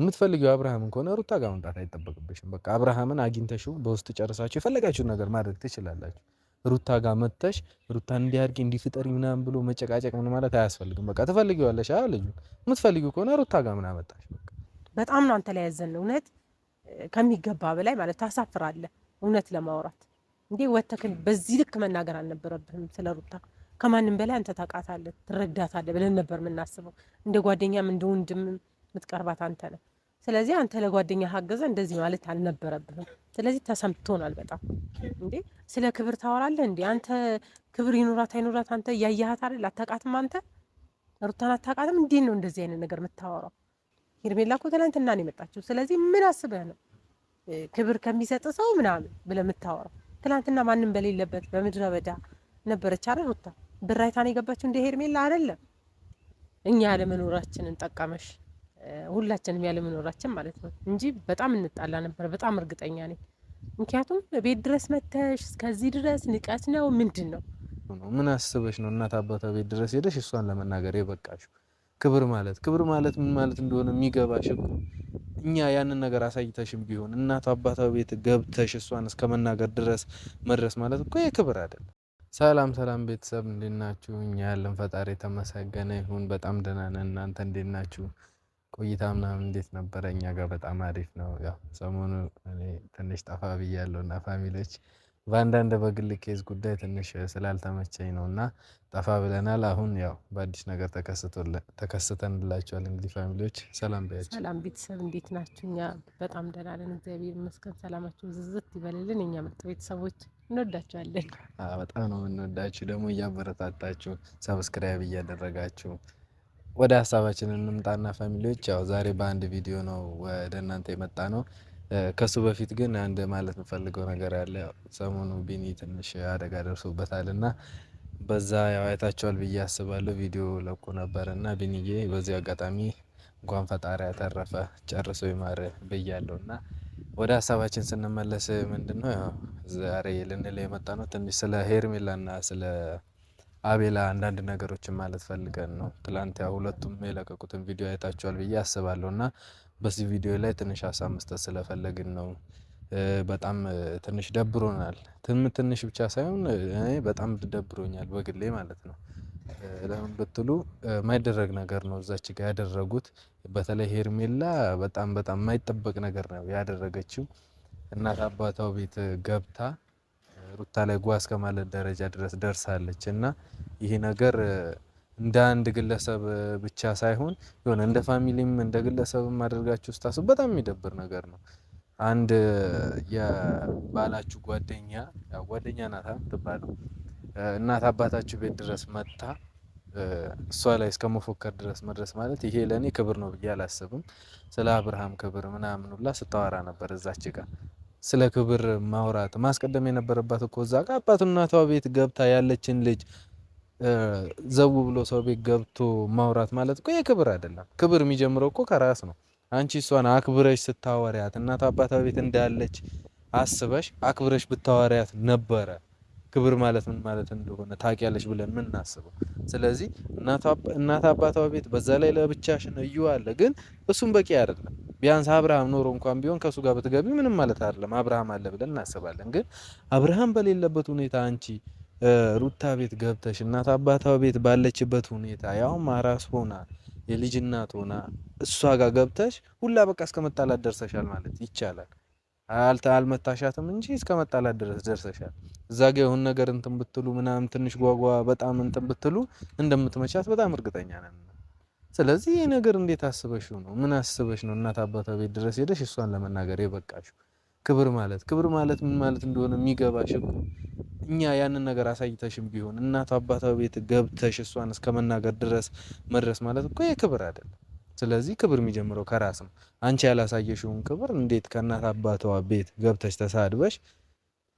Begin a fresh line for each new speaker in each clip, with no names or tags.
የምትፈልጊው አብርሃምን ከሆነ ሩታ ጋር መምጣት አይጠበቅብሽም። በቃ አብርሃምን አግኝተሽው በውስጥ ጨርሳችሁ የፈለጋችሁን ነገር ማድረግ ትችላላችሁ። ሩታ ጋር መጥተሽ ሩታ እንዲያድግ እንዲፍጠሪ ምናምን ብሎ መጨቃጨቅ ምን ማለት አያስፈልግም። በቃ ትፈልጊዋለሽ አ ልጁ የምትፈልጊው ከሆነ ሩታ ጋር ምን አመጣሽ?
በጣም ነው አንተ ላይ ያዘን እውነት ከሚገባ በላይ ማለት ታሳፍራለህ። እውነት ለማውራት እንዴ ወተክን በዚህ ልክ መናገር አልነበረብህም ስለ ሩታ ከማንም በላይ አንተ ታውቃታለህ፣ ትረዳታለህ ብለን ነበር የምናስበው እንደ ጓደኛም እንደ ወንድምም የምትቀርባት አንተ ነህ። ስለዚህ አንተ ለጓደኛ ሀገዘ እንደዚህ ማለት አልነበረብህም። ስለዚህ ተሰምቶናል በጣም እንዴ። ስለ ክብር ታወራለህ እንዴ? አንተ ክብር ይኑራት አይኑራት አንተ እያያሃት አይደል? አታውቃትም አንተ ሩታን አታውቃትም። እንዴት ነው እንደዚህ አይነት ነገር የምታወራው? ሄርሜላ እኮ ትናንትና ነው የመጣችው። ስለዚህ ምን አስበህ ነው ክብር ከሚሰጥ ሰው ምናምን ብለህ የምታወራው? ትናንትና ማንም በሌለበት በምድረ በዳ ነበረች አይደል? ሩታ ብራይታን የገባችው እንደ ሄርሜላ አይደለም። እኛ ያለመኖራችንን ጠቀመሽ ሁላችንም ያለመኖራችን ማለት ነው እንጂ በጣም እንጣላ ነበር። በጣም እርግጠኛ ነኝ። ምክንያቱም ቤት ድረስ መተሽ እስከዚህ ድረስ ንቀት ነው ምንድን ነው?
ምን አስበሽ ነው እናት አባቷ ቤት ድረስ ሄደሽ እሷን ለመናገር የበቃሽው? ክብር ማለት ክብር ማለት ምን ማለት እንደሆነ የሚገባሽ እኛ ያንን ነገር አሳይተሽም ቢሆን እናት አባቷ ቤት ገብተሽ እሷን እስከ መናገር ድረስ መድረስ ማለት እኮ የክብር አይደለም። ሰላም ሰላም ቤተሰብ እንዴት ናችሁ? እኛ ያለን ፈጣሪ የተመሰገነ ይሁን በጣም ደህና ነን። እናንተ እንዴት ናችሁ? ቆይታ ምናምን እንዴት ነበረ? እኛ ጋር በጣም አሪፍ ነው። ያው ሰሞኑ እኔ ትንሽ ጠፋ ብያለሁ እና ፋሚሊዎች በአንዳንድ በግል ኬዝ ጉዳይ ትንሽ ስላልተመቸኝ ነው እና ጠፋ ብለናል። አሁን ያው በአዲስ ነገር ተከስተንላቸዋል። እንግዲህ ፋሚሊዎች ሰላም በያቸው።
ሰላም ቤተሰብ እንዴት ናችሁ? እኛ በጣም ደህና ነን፣ እግዚአብሔር ይመስገን። ሰላማችሁ ዝዝት ይበልልን። እኛ ምርጥ ቤተሰቦች እንወዳቸዋለን።
በጣም ነው የምንወዳችሁ። ደግሞ እያበረታታችሁ ሰብስክራይብ እያደረጋችሁ ወደ ሀሳባችን እንምጣና ፋሚሊዎች ያው ዛሬ በአንድ ቪዲዮ ነው ወደ እናንተ የመጣ ነው። ከሱ በፊት ግን አንድ ማለት የምፈልገው ነገር አለ። ሰሞኑ ቢኒ ትንሽ አደጋ ደርሶበታል እና በዛ ያው ብዬ አስባለሁ። ቪዲዮ ለቁ ነበር እና ቢኒዬ በዚህ አጋጣሚ እንኳን ፈጣሪ ያተረፈ ጨርሶ ይማር ብያለሁ እና ወደ ሀሳባችን ስንመለስ ምንድን ነው ዛሬ ልንል የመጣ ነው ትንሽ ስለ ሄርሜላና ስለ አቤላ አንዳንድ ነገሮችን ማለት ፈልገን ነው። ትላንት ያው ሁለቱም የለቀቁትን ቪዲዮ አይታችኋል ብዬ አስባለሁ እና በዚህ ቪዲዮ ላይ ትንሽ ሀሳብ መስጠት ስለፈለግን ነው። በጣም ትንሽ ደብሮናል። ትንሽ ብቻ ሳይሆን እኔ በጣም ደብሮኛል በግሌ ማለት ነው። ለምን ብትሉ የማይደረግ ነገር ነው እዛች ጋር ያደረጉት። በተለይ ሄርሜላ በጣም በጣም የማይጠበቅ ነገር ነው ያደረገችው። እናት አባታው ቤት ገብታ ሩታ ላይ ጓ እስከ ማለት ደረጃ ድረስ ደርሳለች እና ይሄ ነገር እንደ አንድ ግለሰብ ብቻ ሳይሆን የሆነ እንደ ፋሚሊም እንደ ግለሰብም አድርጋችሁ ስታስቡ በጣም የሚደብር ነገር ነው። አንድ የባላችሁ ጓደኛ ጓደኛ ናታ ትባለው እናት አባታችሁ ቤት ድረስ መጥታ እሷ ላይ እስከ መፎከር ድረስ መድረስ ማለት ይሄ ለእኔ ክብር ነው ብዬ አላስብም። ስለ አብርሃም ክብር ምናምን ሁላ ስታወራ ነበር እዛች ጋር ስለ ክብር ማውራት ማስቀደም የነበረባት እኮ እዛ ጋር አባቱ እናቷ ቤት ገብታ ያለችን ልጅ ዘው ብሎ ሰው ቤት ገብቶ ማውራት ማለት እኮ የክብር አይደለም። ክብር የሚጀምረው እኮ ከራስ ነው። አንቺ እሷን አክብረሽ ስታወሪያት እናቷ አባቷ ቤት እንዳለች አስበሽ አክብረሽ ብታወሪያት ነበረ ክብር ማለት ምን ማለት እንደሆነ ታውቂያለሽ ብለን ምን እናስበው። ስለዚህ እናት አባቷ ቤት በዛ ላይ ለብቻሽን እዩ አለ፣ ግን እሱም በቂ አይደለም። ቢያንስ አብርሃም ኖሮ እንኳን ቢሆን ከእሱ ጋር ብትገቢ ምንም ማለት አይደለም። አብርሃም አለ ብለን እናስባለን። ግን አብርሃም በሌለበት ሁኔታ አንቺ ሩታ ቤት ገብተሽ እናት አባታ ቤት ባለችበት ሁኔታ ያውም አራስ ሆና የልጅ እናት ሆና እሷ ጋር ገብተሽ ሁላ በቃ እስከመጣላት ደርሰሻል ማለት ይቻላል። አልተ አልመታሻትም እንጂ እስከመጣላት ድረስ ደርሰሻል። እዛ ጋ የሆነ ነገር እንትን ብትሉ ምናምን ትንሽ ጓጓ በጣም እንትን ብትሉ እንደምትመቻት በጣም እርግጠኛ ነን። ስለዚህ ይህ ነገር እንዴት አስበሽው ነው? ምን አስበሽ ነው እናት አባቷ ቤት ድረስ ሄደሽ እሷን ለመናገር የበቃሽው? ክብር ማለት ክብር ማለት ምን ማለት እንደሆነ የሚገባሽ እኛ ያንን ነገር አሳይተሽም ቢሆን እናት አባቷ ቤት ገብተሽ እሷን እስከ መናገር ድረስ መድረስ ማለት እኮ የክብር አይደለም። ስለዚህ ክብር የሚጀምረው ከራስ ነው። አንቺ ያላሳየሽውን ክብር እንዴት ከእናት አባቷ ቤት ገብተሽ ተሳድበሽ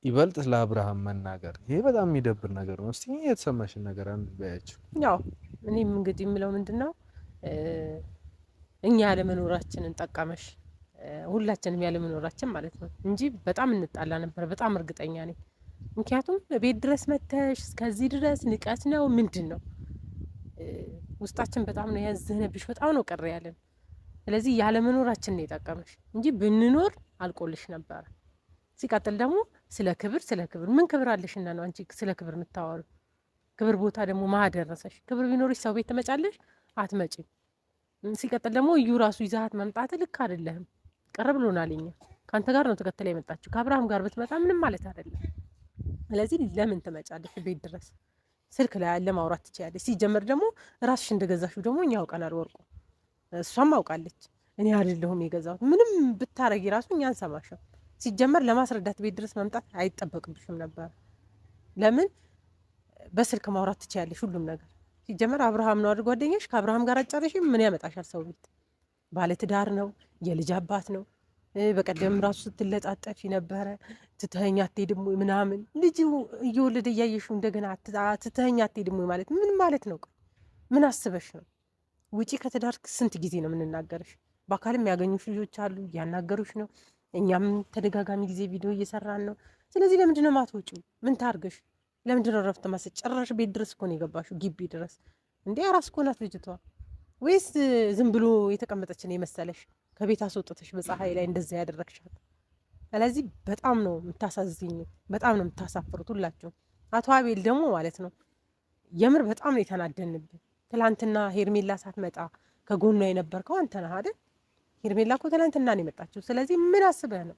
ይበልጥ ለአብርሃም መናገር ይሄ በጣም የሚደብር ነገር ነው። እስቲ የተሰማሽን ነገር አንድ በያቸው።
ያው እኔም እንግዲህ የምለው ምንድን ነው እኛ ያለመኖራችንን ጠቀመሽ ሁላችንም ያለመኖራችን ማለት ነው እንጂ በጣም እንጣላ ነበር። በጣም እርግጠኛ ነኝ። ምክንያቱም ቤት ድረስ መተሽ እስከዚህ ድረስ ንቀት ነው ምንድን ነው? ውስጣችን በጣም ነው ያዘነብሽ። በጣም ነው ቀረ ያለን። ስለዚህ ያለመኖራችን ነው የጠቀመሽ እንጂ ብንኖር አልቆልሽ ነበረ። ሲቀጥል ደግሞ ስለ ክብር ስለ ክብር ምን ክብር አለሽና ነው አንቺ ስለ ክብር የምታወሩ? ክብር ቦታ ደግሞ ማደረሰሽ። ክብር ቢኖርሽ ሰው ቤት ትመጫለሽ። አትመጭም። ሲቀጥል ደግሞ እዩ ራሱ ይዛሀት መምጣት ልክ አይደለህም። ቀረብ ብሎናል። እኛ ከአንተ ጋር ነው ተከተለ የመጣችው። ከአብርሃም ጋር ብትመጣ ምንም ማለት አይደለም። ስለዚህ ለምን ትመጫለሽ ቤት ድረስ? ስልክ ላይ ያለ ማውራት ትችያለሽ። ሲጀመር ደግሞ ራስሽ እንደገዛሽው ደግሞ እኛ አውቀናል። ወርቁ እሷም አውቃለች። እኔ አይደለሁም የገዛሁት። ምንም ብታረጊ ራሱ እኛ አንሰማሽም። ሲጀመር ለማስረዳት ቤት ድረስ መምጣት አይጠበቅብሽም ነበር። ለምን በስልክ ማውራት ትችያለሽ ሁሉም ነገር ሲጀመር አብርሃም ነው አድርጎ ጓደኛሽ? ከአብርሃም ጋር አጫረሽም ምን ያመጣሻል? ሰው ቤት ባለትዳር ነው፣ የልጅ አባት ነው። በቀደም ራሱ ስትለጣጠፊ ነበረ። ትተኸኝ አትሄድም ወይ ምናምን። ልጅ እየወለደ እያየሽው እንደገና ትተኸኝ አትሄድም ወይ ማለት ምን ማለት ነው? ምን አስበሽ ነው? ውጪ ከትዳር ስንት ጊዜ ነው የምንናገርሽ? በአካልም ያገኙሽ ልጆች አሉ፣ እያናገሩሽ ነው። እኛም ተደጋጋሚ ጊዜ ቪዲዮ እየሰራን ነው። ስለዚህ ለምንድን ነው ምን ታርገሽ? ለምንድነው ረፍት ማሰ ጭራሽ ቤት ድረስ እኮ ነው የገባሽው፣ ግቢ ድረስ እንዴ! አራስ እኮ ናት ልጅቷ። ወይስ ዝም ብሎ የተቀመጠች ነው የመሰለሽ? ከቤት አስወጥተሽ በፀሐይ ላይ እንደዚያ ያደረግሻት። ስለዚህ በጣም ነው የምታሳዝኝ፣ በጣም ነው የምታሳፍሩት ሁላችሁ። አቶ አቤል ደግሞ ማለት ነው የምር በጣም ነው የተናደንብን። ትላንትና ሄርሜላ ሳትመጣ ከጎኗ የነበርከው አንተ ነህ አይደል? ሄርሜላ እኮ ትላንትና ነው የመጣችው። ስለዚህ ምን አስበህ ነው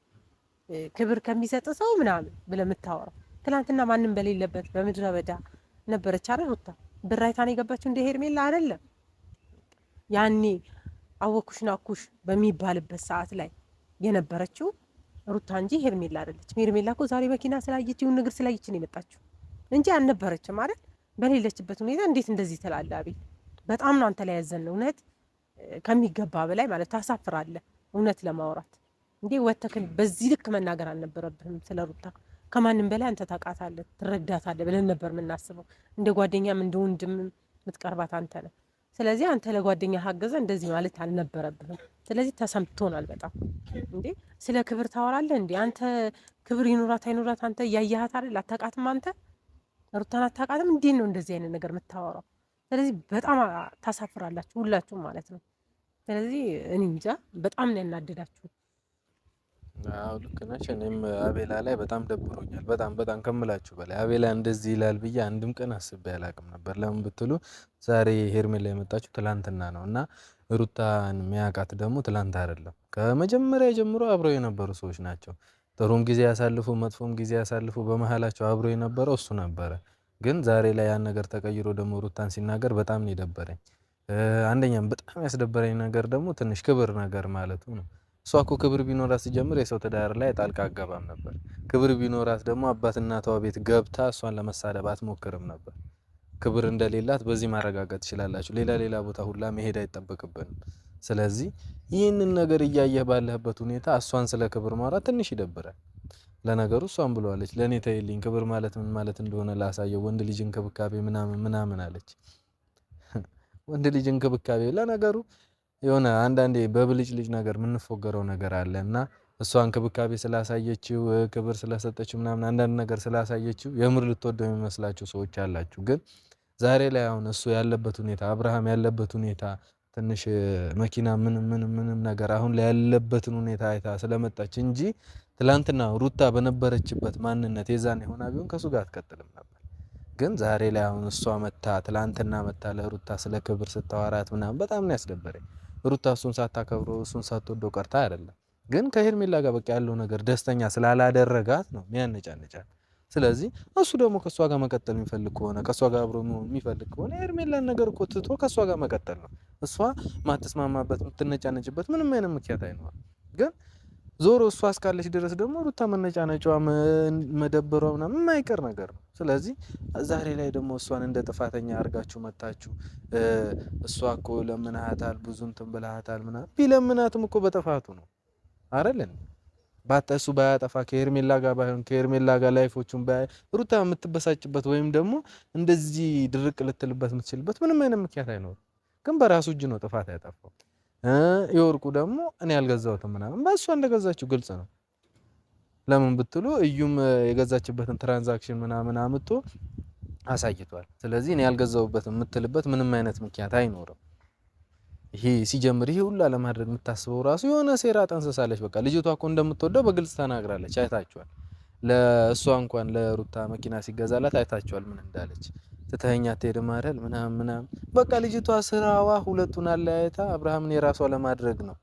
ክብር ከሚሰጥ ሰው ምናምን ብለህ የምታወራው? ትናንትና ማንም በሌለበት በምድረ በዳ ነበረች አረ ሩታ ብራይታን የገባችው እንደ ሄርሜላ አይደለም። ያኔ አወኩሽ ናኩሽ በሚባልበት ሰዓት ላይ የነበረችው ሩታ እንጂ ሄርሜላ አይደለች። ሄርሜላ እኮ ዛሬ መኪና ስላየች ይሁን ንግር ስላየች ነው የመጣችው እንጂ አልነበረችም አይደል? በሌለችበት ሁኔታ እንዴት እንደዚህ ትላለህ? አቤት በጣም ነው አንተ ላይ ያዘን። እውነት ከሚገባ በላይ ማለት ታሳፍራለህ። እውነት ለማውራት እንዴ ወተክን በዚህ ልክ መናገር አልነበረብህም ስለ ሩታ ከማንም በላይ አንተ ታውቃታለህ፣ ትረዳታለህ ብለን ነበር የምናስበው። እንደ ጓደኛም እንደ ወንድም የምትቀርባት አንተ ነህ። ስለዚህ አንተ ለጓደኛ ሀገዘ እንደዚህ ማለት አልነበረብህም። ስለዚህ ተሰምቶናል በጣም እንዴ። ስለ ክብር ታወራለህ እንዴ? አንተ ክብር ይኑራት አይኑራት አንተ እያየሃት አይደል? አታውቃትም አንተ ሩታን አታውቃትም። እንዴት ነው እንደዚህ አይነት ነገር የምታወራው? ስለዚህ በጣም ታሳፍራላችሁ ሁላችሁም ማለት ነው። ስለዚህ እኔ እንጃ በጣም ነው ያናደዳችሁ።
አዎ ልክ ነሽ። እኔም አቤላ ላይ በጣም ደብሮኛል። በጣም በጣም ከምላችሁ በላይ አቤላ እንደዚህ ይላል ብዬ አንድም ቀን አስቤ አላውቅም ነበር። ለምን ብትሉ ዛሬ ሄርሜላ የመጣችሁ ትላንትና ነው እና ሩታን ሚያውቃት ደግሞ ትላንት አይደለም። ከመጀመሪያ ጀምሮ አብረው የነበሩ ሰዎች ናቸው። ጥሩም ጊዜ ያሳልፉ፣ መጥፎም ጊዜ ያሳልፉ፣ በመሀላቸው አብረው የነበረው እሱ ነበረ። ግን ዛሬ ላይ ያን ነገር ተቀይሮ ደግሞ ሩታን ሲናገር በጣም ነው የደበረኝ። አንደኛም በጣም ያስደበረኝ ነገር ደግሞ ትንሽ ክብር ነገር ማለቱ ነው እሷ እኮ ክብር ቢኖራት ሲጀምር የሰው ትዳር ላይ ጣልቃ አገባም ነበር። ክብር ቢኖራት ደግሞ አባትና ተዋ ቤት ገብታ እሷን ለመሳደብ አትሞክርም ነበር። ክብር እንደሌላት በዚህ ማረጋገጥ ትችላላችሁ። ሌላ ሌላ ቦታ ሁላ መሄድ አይጠበቅብንም። ስለዚህ ይህንን ነገር እያየህ ባለህበት ሁኔታ እሷን ስለ ክብር ማውራት ትንሽ ይደብራል። ለነገሩ እሷን ብለዋለች፣ ለእኔ ተይልኝ ክብር ማለት ምን ማለት እንደሆነ ላሳየው፣ ወንድ ልጅ እንክብካቤ ምናምን ምናምን አለች። ወንድ ልጅ እንክብካቤ ለነገሩ የሆነ አንዳንዴ ልጅ ነገር የምንፎገረው ነገር አለ እና እሷ እንክብካቤ ስላሳየችው ክብር ስለሰጠችው ምናምን አንዳንድ ነገር ስላሳየችው የምር ልትወደው የሚመስላችሁ ሰዎች አላችሁ። ግን ዛሬ ላይ አሁን እሱ ያለበት ሁኔታ አብርሃም ያለበት ሁኔታ ትንሽ መኪና ምንም ምንም ምንም ነገር አሁን ላይ ያለበትን ሁኔታ አይታ ስለመጣች እንጂ ትላንትና ሩታ በነበረችበት ማንነት የዛን የሆና ቢሆን ከሱ ጋር አትቀጥልም ነበር። ግን ዛሬ ላይ አሁን እሷ መታ ትላንትና መታ ለሩታ ስለ ክብር ስታወራት ምናምን በጣም ነው ያስደበረኝ። ሩታ እሱን ሳታከብሮ እሱን ሳትወደው ቀርታ አይደለም፣ ግን ከሄርሜላ ጋር በቃ ያለው ነገር ደስተኛ ስላላደረጋት ነው ሚያነጫነጫል። ስለዚህ እሱ ደግሞ ከእሷ ጋር መቀጠል የሚፈልግ ከሆነ ከእሷ ጋር አብሮ የሚፈልግ ከሆነ ሄርሜላን ነገር እኮ ትቶ ከእሷ ጋር መቀጠል ነው። እሷ ማትስማማበት ምትነጫነጭበት ምንም አይነት ምክንያት አይኖርም ግን ዞሮ እሷ እስካለች ድረስ ደግሞ ሩታ መነጫ ነጫዋ መደበሯ ምናምን የማይቀር ነገር ነው። ስለዚህ ዛሬ ላይ ደግሞ እሷን እንደ ጥፋተኛ አድርጋችሁ መታችሁ። እሷ እኮ ለምናሃታል፣ ብዙ እንትን ብልሃታል ምናምን ቢለምናትም እኮ በጥፋቱ ነው አይደለን? ባጠሱ ባያጠፋ ከሄርሜላ ጋር ባይሆን ከሄርሜላ ጋር ላይፎቹን ሩታ የምትበሳጭበት ወይም ደግሞ እንደዚህ ድርቅ ልትልበት የምትችልበት ምንም አይነት ምክንያት አይኖርም። ግን በራሱ እጅ ነው ጥፋት ያጠፋው። የወርቁ ደግሞ እኔ ያልገዛሁትም ምናምን በእሷ እንደገዛችው ግልጽ ነው። ለምን ብትሉ እዩም የገዛችበትን ትራንዛክሽን ምናምን አምጥቶ አሳይቷል። ስለዚህ እኔ ያልገዛሁበት የምትልበት ምንም አይነት ምክንያት አይኖርም። ይሄ ሲጀምር ይሄ ሁላ ለማድረግ የምታስበው ራሱ የሆነ ሴራ ጠንስሳለች። በቃ ልጅቷ እኮ እንደምትወደው በግልጽ ተናግራለች። አይታችኋል። ለእሷ እንኳን ለሩታ መኪና ሲገዛላት አይታችኋል ምን እንዳለች። ትተኸኝ አትሄድም አይደል ምናምን ምናምን። በቃ ልጅቷ ስራዋ ሁለቱን አለያየታ አብርሃምን የራሷ ለማድረግ ነው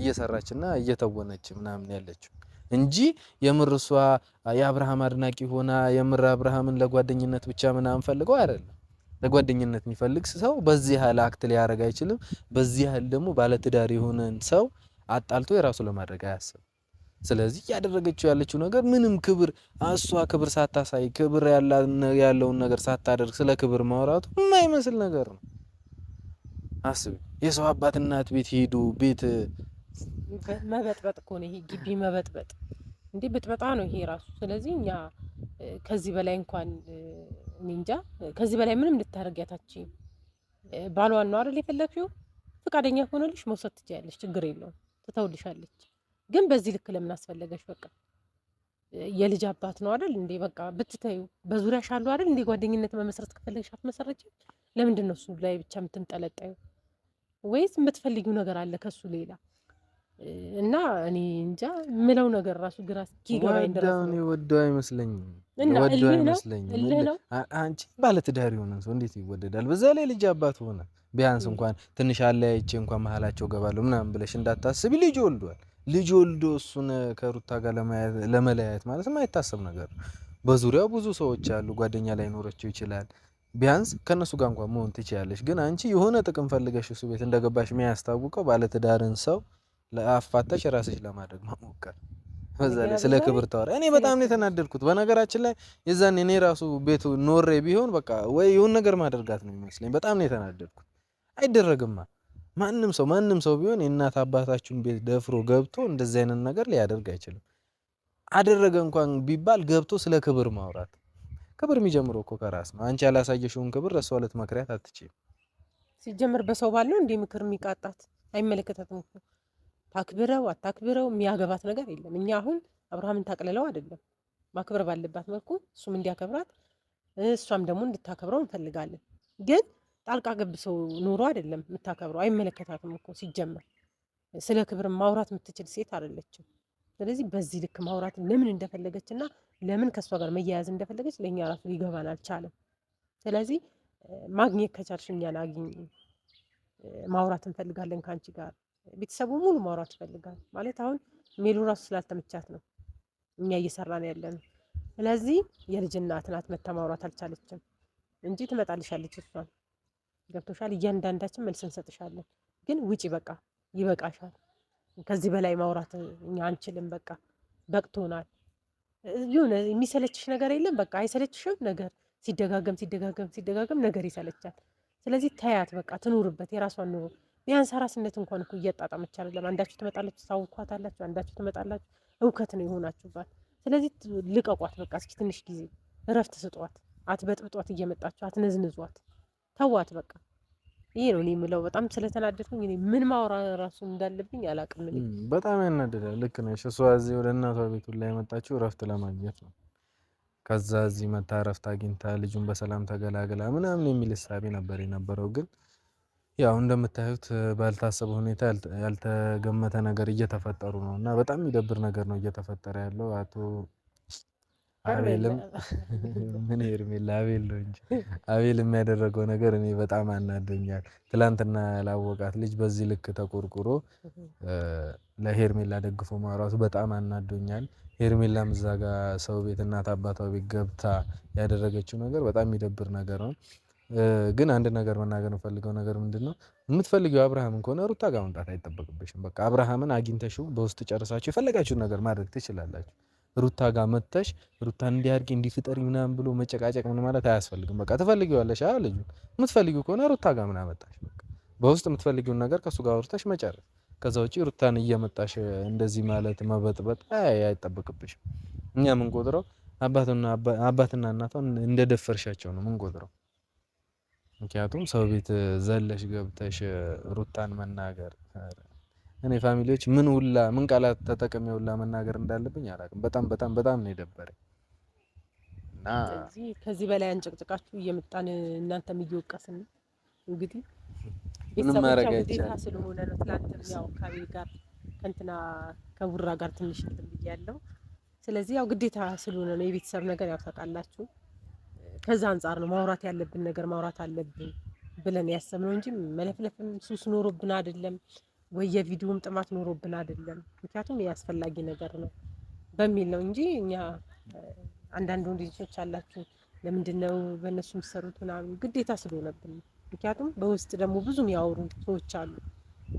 እየሰራችና እየተወነች ምናምን ያለችው እንጂ የምር እሷ የአብርሃም አድናቂ ሆና የምር አብርሃምን ለጓደኝነት ብቻ ምናምን ፈልገው አይደለም። ለጓደኝነት የሚፈልግ ሰው በዚህ ያህል አክት ሊያደርግ አይችልም። በዚህ ያህል ደግሞ ባለትዳር የሆነን ሰው አጣልቶ የራሱ ለማድረግ አያስብ ስለዚህ እያደረገችው ያለችው ነገር ምንም ክብር እሷ ክብር ሳታሳይ ክብር ያለውን ነገር ሳታደርግ ስለ ክብር ማውራቱ የማይመስል ነገር ነው። አስብ፣ የሰው አባት እናት ቤት ሄዱ ቤት
መበጥበጥ እኮ ነው ይሄ ግቢ መበጥበጥ እንዴ ብጥበጣ ነው ይሄ ራሱ። ስለዚህ እኛ ከዚህ በላይ እንኳን እንጃ ከዚህ በላይ ምንም ልታደርግ ያታች ባሏን ነው አይደል የፈለግሽው? ፈቃደኛ ሆነልሽ መውሰድ ትችያለሽ፣ ችግር የለውም ትተውልሻለች። ግን በዚህ ልክ ለምን አስፈለገች? በቃ የልጅ አባት ነው አይደል እንዴ? በቃ ብትተዩ በዙሪያሽ አሉ አይደል እንዴ? ጓደኝነት መመስረት ከፈለግሽ አትመሰረችም? ለምንድን ነው እሱ ላይ ብቻ የምትንጠለጠዩ? ወይስ የምትፈልጊው ነገር አለ ከሱ ሌላ? እና እኔ እንጃ ምለው ነገር ራሱ ግራ
እስኪገባኝ ድረስ ነው። ወደው አይመስለኝም እና እልህ አንቺ ባለትዳር የሆነ ሰው እንዴት ይወደዳል? በዛ ላይ ልጅ አባት ሆነ ቢያንስ እንኳን ትንሽ አለያይቼ እንኳን መሀላቸው ገባለሁ ምናምን ብለሽ እንዳታስቢ ልጅ ወልዷል። ልጅ ወልዶ እሱን ከሩታ ጋር ለመለያየት ማለት የማይታሰብ ነገር ነው። በዙሪያው ብዙ ሰዎች አሉ። ጓደኛ ላይ ላይኖረችው ይችላል። ቢያንስ ከእነሱ ጋር እንኳን መሆን ትችላለች። ግን አንቺ የሆነ ጥቅም ፈልገሽ እሱ ቤት እንደገባሽ የሚያስታውቀው ባለትዳርን ሰው ለአፋታሽ ራስሽ ለማድረግ መሞከር በዛ ላይ ስለ ክብር ታወራ። እኔ በጣም ነው የተናደድኩት። በነገራችን ላይ የዛን እኔ ራሱ ቤቱ ኖሬ ቢሆን በቃ ወይ ይሁን ነገር ማደርጋት ነው የሚመስለኝ። በጣም ነው የተናደድኩት። አይደረግማ ማንም ሰው ማንም ሰው ቢሆን የእናት አባታችሁን ቤት ደፍሮ ገብቶ እንደዚህ አይነት ነገር ሊያደርግ አይችልም። አደረገ እንኳን ቢባል ገብቶ ስለ ክብር ማውራት። ክብር የሚጀምረው እኮ ከራስ ነው። አንቺ ያላሳየሽውን ክብር ለሷ ዕለት መክሪያት አትችይም።
ሲጀምር በሰው ባለው እንዲህ ምክር የሚቃጣት አይመለከታትም እኮ ታክብረው አታክብረው የሚያገባት ነገር የለም። እኛ አሁን አብርሃምን ታቅልለው አይደለም ማክበር ባለባት መልኩ እሱም እንዲያከብራት እሷም ደግሞ እንድታከብረው እንፈልጋለን ግን ጣልቃ ገብ ሰው ኑሮ አይደለም የምታከብረው፣ አይመለከታትም እኮ ሲጀመር። ስለ ክብር ማውራት የምትችል ሴት አይደለችም። ስለዚህ በዚህ ልክ ማውራት ለምን እንደፈለገች እና ለምን ከእሷ ጋር መያያዝ እንደፈለገች ለእኛ ራሱ ሊገባን አልቻለም። ስለዚህ ማግኘት ከቻልሽ እኛን አግኝ። ማውራት እንፈልጋለን ከአንቺ ጋር። ቤተሰቡ ሙሉ ማውራት ይፈልጋል ማለት አሁን ሜሉ ራሱ ስላልተመቻት ነው እኛ እየሰራን ነው። ስለዚህ የልጅ እናት ናት መታ ማውራት አልቻለችም እንጂ ትመጣልሻለች እሷን ገብቶሻል። እያንዳንዳችን መልስ እንሰጥሻለን። ግን ውጪ፣ በቃ ይበቃሻል። ከዚህ በላይ ማውራት እኛ አንችልም። በቃ በቅቶናል። የሆነ የሚሰለችሽ ነገር የለም። በቃ አይሰለችሽም ነገር ሲደጋገም ሲደጋገም ሲደጋገም ነገር ይሰለቻል። ስለዚህ ተያት፣ በቃ ትኑርበት የራሷን ኑሮ። ቢያንስ አራስነት እንኳን እኮ እያጣጣመች አይደለም። አንዳችሁ ትመጣላችሁ፣ ታውኳታላችሁ፣ አንዳችሁ ትመጣላችሁ። እውከት ነው የሆናችሁባት። ስለዚህ ልቀቋት፣ በቃ እስኪ ትንሽ ጊዜ እረፍት ስጧት። አትበጥብጧት፣ እየመጣችሁ አትነዝንዟት። ተዋት በቃ። ይሄ ነው እኔ የምለው። በጣም ስለተናደድኩኝ እኔ ምን ማውራ ራሱ እንዳለብኝ አላውቅም።
በጣም ያናደዳል። ልክ ነሽ። እሷ እዚህ ወደ እናቷ ቤት ላይ የመጣችው እረፍት ለማግኘት ነው። ከዛ እዚህ መታ እረፍት አግኝታ ልጁን በሰላም ተገላግላ ምናምን የሚል እሳቤ ነበር የነበረው። ግን ያው እንደምታዩት ባልታሰበ ሁኔታ ያልተገመተ ነገር እየተፈጠሩ ነው እና በጣም የሚደብር ነገር ነው እየተፈጠረ ያለው አቶ አቤልም ምን ሄርሜላ አቤል ነው እንጂ አቤል የሚያደረገው ነገር እኔ በጣም አናደኛል። ትላንትና ያላወቃት ልጅ በዚህ ልክ ተቆርቁሮ ለሄርሜላ ደግፎ ማውራቱ በጣም አናዶኛል። ሄርሜላም እዛ ጋ ሰው ቤት እናት አባቷ ቤት ገብታ ያደረገችው ነገር በጣም የሚደብር ነገር ነው። ግን አንድ ነገር መናገር የምፈልገው ነገር ምንድን ነው፣ የምትፈልጊው አብርሃምን ከሆነ ሩታ ጋር መምጣት አይጠበቅብሽም። በቃ አብርሃምን አግኝተሽው በውስጥ ጨርሳችሁ የፈለጋችሁን ነገር ማድረግ ትችላላችሁ። ሩታ ጋር መጥተሽ ሩታን እንዲያርግ እንዲፍጠሪ ምናምን ብሎ መጨቃጨቅ ምን ማለት አያስፈልግም። በቃ ትፈልጊዋለሽ አ ልጁ የምትፈልጊው ከሆነ ሩታ ጋር ምን አመጣሽ? በውስጥ የምትፈልጊውን ነገር ከእሱ ጋር አውርተሽ መጨረስ። ከዛ ውጭ ሩታን እየመጣሽ እንደዚህ ማለት መበጥበጥ አይጠበቅብሽም። እኛ ምንቆጥረው አባትና እናቷን እንደደፈርሻቸው ነው የምንቆጥረው። ምክንያቱም ሰው ቤት ዘለሽ ገብተሽ ሩታን መናገር እኔ ፋሚሊዎች ምን ውላ ምን ቃላት ተጠቅሜ ሁላ መናገር እንዳለብኝ አላውቅም። በጣም በጣም በጣም ነው የደበረኝ
እና ከዚህ በላይ አንጨቅጭቃችሁ እየመጣን እናንተም እየወቀስን እንግዲህ ምንም ማድረግ አይቻልም ስለሆነ ነው። ትናንትም ያው ከቤት ጋር ከእንትና ከቡራ ጋር ትንሽ እንትን ብያለሁ። ስለዚህ ያው ግዴታ ስለሆነ ነው የቤተሰብ ነገር ያው ታውቃላችሁ። ከዛ አንጻር ነው ማውራት ያለብን ነገር ማውራት አለብን ብለን ያሰብነው እንጂ መለፍለፍም ሱስ ኖሮብን አይደለም። ወይ የቪዲዮም ጥማት ኖሮብን አይደለም፣ ምክንያቱም ያስፈላጊ ነገር ነው በሚል ነው እንጂ እኛ አንዳንድ ወንድ ልጆች አላችሁ ለምንድን ነው በእነሱ የሚሰሩት ምናምን ግዴታ ስለሆነብን፣ ምክንያቱም በውስጥ ደግሞ ብዙ የሚያወሩ ሰዎች አሉ።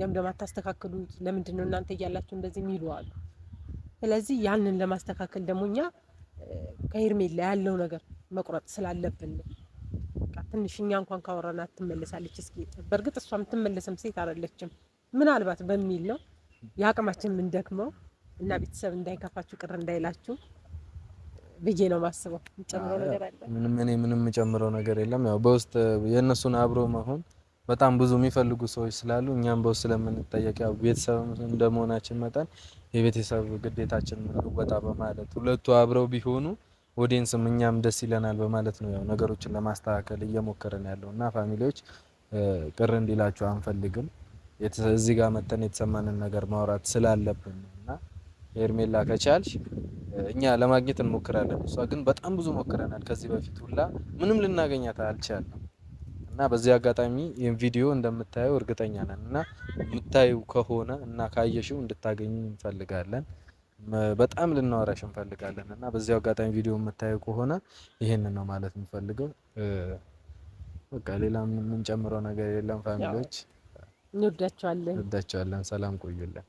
ያም ለማታስተካክሉት ለምንድን ነው እናንተ እያላችሁ እንደዚህ የሚሉ አሉ። ስለዚህ ያንን ለማስተካከል ደግሞ እኛ ከሄርሜላ ያለው ነገር መቁረጥ ስላለብን ነው። ትንሽ እኛ እንኳን ካወራናት ትመለሳለች። እስኪ በእርግጥ እሷ የምትመለስም ሴት አይደለችም። ምናልባት በሚል ነው የአቅማችን የምንደክመው እና ቤተሰብ እንዳይከፋችሁ ቅር እንዳይላችሁ ብዬ ነው ማስበው። ጨምረው
ነገር አለ? ምንም እኔ ምንም የምጨምረው ነገር የለም። ያው በውስጥ የእነሱን አብሮ መሆን በጣም ብዙ የሚፈልጉ ሰዎች ስላሉ እኛም በውስጥ ስለምንጠየቅ ያው ቤተሰብ እንደመሆናችን መጠን የቤተሰብ ግዴታችን ልወጣ በማለት ሁለቱ አብረው ቢሆኑ ኦዲየንስም እኛም ደስ ይለናል በማለት ነው ያው ነገሮችን ለማስተካከል እየሞከረን ያለው እና ፋሚሊዎች ቅር እንዲላችሁ አንፈልግም። እዚህ ጋር መተን የተሰማንን ነገር ማውራት ስላለብን እና ሄርሜላ ከቻልሽ እኛ ለማግኘት እንሞክራለን። እሷ ግን በጣም ብዙ ሞክረናል ከዚህ በፊት ሁላ ምንም ልናገኛት አልቻልንም። እና በዚህ አጋጣሚ ይህን ቪዲዮ እንደምታየው እርግጠኛ ነን እና የምታዩ ከሆነ እና ካየሽው እንድታገኙ እንፈልጋለን። በጣም ልናወራሽ እንፈልጋለን እና በዚህ አጋጣሚ ቪዲዮ የምታየ ከሆነ ይህንን ነው ማለት የምፈልገው። በቃ ሌላ የምንጨምረው ነገር የለም ፋሚሊዎች
እንወዳቸዋለን።
እንወዳቸዋለን። ሰላም ቆዩልን።